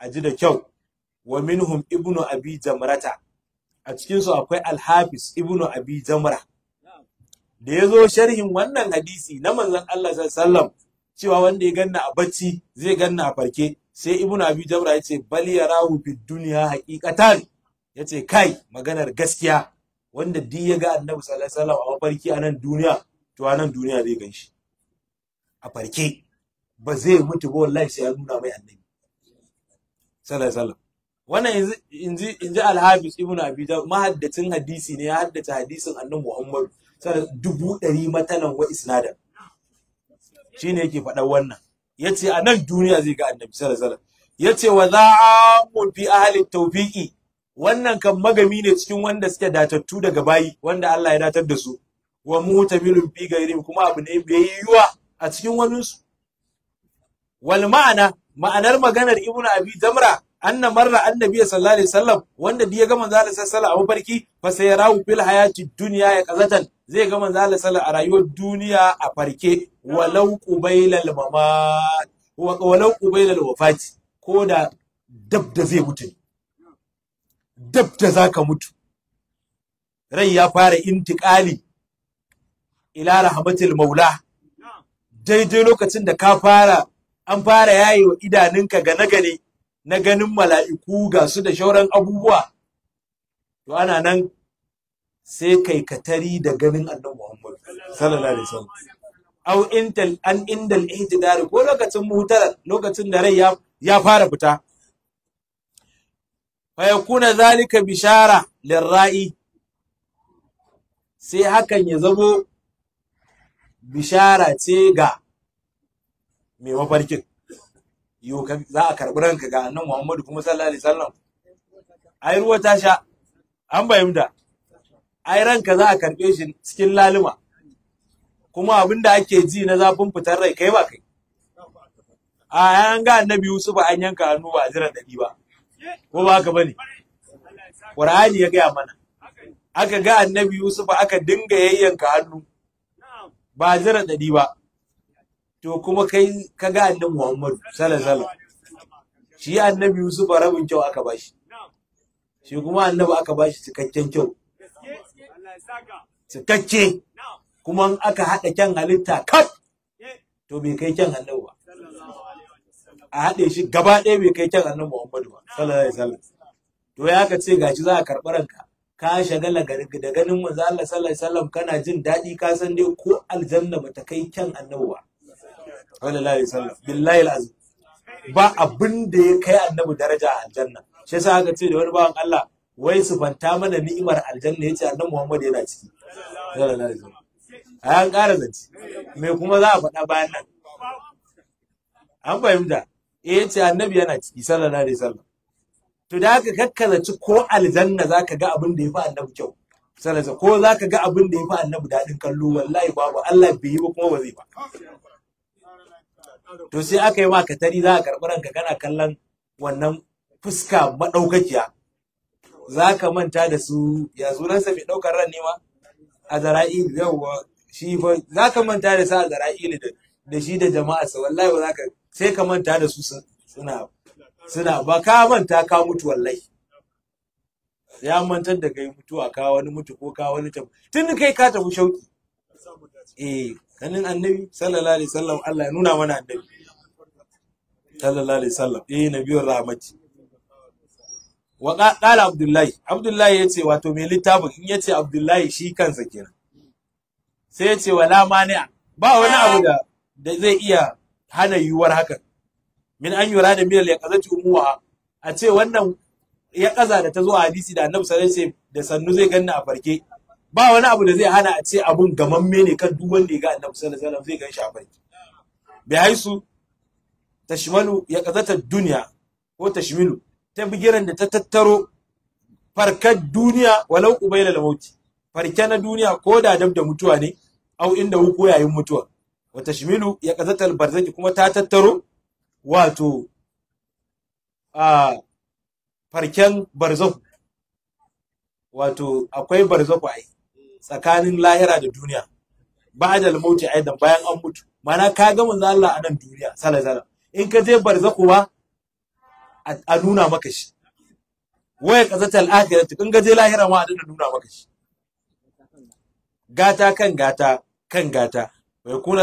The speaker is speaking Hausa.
a ji da kyau wa minhum ibnu abi jamrata a cikin su akwai alhafis ibnu abi jamra da yazo sharhin wannan hadisi na manzon Allah sallallahu cewa wanda ya ganna a bacci zai ganna a farke sai ibnu abi jamra yace bal yarahu fid dunya haqiqatan yace kai maganar gaskiya wanda duk ya ga annabi sallallahu alaihi wasallam a farke a nan duniya to a nan duniya zai ganshi a farke ba zai mutu ba wallahi sai ya nuna mai annabi sallallahu alaihi wannan yanzu inji inji ibnu abi mahaddacin hadisi ne ya haddace hadisin annabi muhammad sallallahu dubu ɗari matanan wa isnadan shine yake faɗan wannan yace a nan duniya zai ga annabi sallallahu alaihi wasallam yace wa za'amun fi ahli tawfiqi wannan kan magami ne cikin wanda suke datattu daga bayi wanda Allah ya datar da su wa mutabilun fi gairim kuma abu ne bai yiwa a cikin su? wal ma'ana ma'anar maganar ibnu abi jamra anna marra annabi sallallahu alaihi wasallam wanda da ya ga manzo Allah sallallahu alaihi wasallam fa sai rawu fil hayati dunya ya kazatan zai ga manzo Allah sallallahu a rayuwar duniya a farke walau qubailal mamat wa walau qubailal wafati ko da dab da zai mutu dab da zaka mutu rai ya fara intiqali ila rahmatil maula daidai lokacin da ka fara an fara yaye wa idanunka gane-gane na ganin mala'iku ga su da shauran abubuwa to ana nan sai kai katari da ganin annan Muhammad sallallahu alaihi wasallam au intal an indal ko lokacin lokacin da rai ya fara fita fayakuna zalika bishara lirra'i sai hakan ya zamo bishara ce ga mai mafarkin yo za a karɓi ranka ga annan Muhammadu kuma sallallahu alaihi A ai ruwa ta sha an bayyana ai ranka za a karɓe shi cikin laluma kuma abinda ake ji na zafin fitar rai kai ba kai a yan ga annabi Yusuf an yanka hannu ba a jira dadi ba ko ba ka bane Qur'ani ya gaya mana aka ga annabi Yusuf aka dinga yayyanka hannu ba a jira dadi ba to kuma kai ka ga annabi Muhammadu sallallahu shi annabi Yusuf rabin kyau aka bashi shi kuma annabi aka bashi cikakken kyau cikakke kuma in aka haɗa kyan halitta kat to bai kai kyan annabi ba a haɗe shi gaba ɗaya bai kai kyan annabi Muhammadu ba sallallahu alaihi wasallam to ya ka ce gashi za a karɓar ranka ka shagala daga ganin manzo Allah sallallahu alaihi wasallam kana jin daɗi ka san dai ko aljanna bata kai kyan annabi ba wala la yusalla billahi alazim ba abin da ya kai annabi daraja a aljanna shi yasa aka ce da wani bawan Allah wai su fanta mana ni'imar aljanna yace annabi Muhammad yana ciki sallallahu alaihi wasallam an ƙara zance me kuma za a faɗa bayan nan an fahimta eh yace annabi yana ciki sallallahu alaihi wasallam to da haka kakkazaci ko aljanna zaka ga abin da ya fi annabi kyau sallallahu ko zaka ga abin da ya fi annabi daɗin kallo wallahi babu Allah bai yi ba kuma ba zai ba to sai aka yi ma katari za a karɓi ranka kana kallon wannan fuska maɗaukakiya za ka manta da su ya zuransa mai ɗaukar ran nema a zara'ili yawwa shi fa za ka manta da su a zara'ili da shi da sa, wallahi za ka sai ka manta da su suna suna ba ka manta ka mutu wallahi ya mantar da kai mutuwa ka wani mutu ko ka wani tafi tun kai ka tafi shauki eh kanin annabi sallallahu alaihi wasallam Allah ya nuna mana annabi sallallahu alaihi wasallam eh nabiyur rahmati wa qala abdullahi abdullahi yace wato me littafin in yace abdullahi shi kansa kenan sai yace wala mani'a ba wani abu da da zai iya hana yiwuwar hakan min an yura da milal ya kazati umuwa a ce wannan ya kaza da ta zo a hadisi da annabi sallallahu alaihi wasallam da sannu zai ganna a farke ba wani abu da zai hana a ce abun gaman ne kan duk wanda ya ga annabi sallallahu alaihi wasallam zai gan shi a farki bi haisu tashmalu ya kazata duniya ko tashmilu ta bigiran da ta tattaro farkan duniya walau ubaila da mauti farke na duniya ko da dab da mutuwa ne au inda ko yayin mutuwa wa tashmilu ya kazata albarzaki kuma ta tattaro wato a farken barzahu wato akwai barzahu yi tsakanin lahira da duniya ba'dal mauti aidan bayan an mutu mana ka ga manzo Allah a nan duniya sala in ka je barzaku ba a nuna maka shi waya qazatal akhirati kun ga je lahira ma a nuna maka shi gata kan gata kan gata bai kuna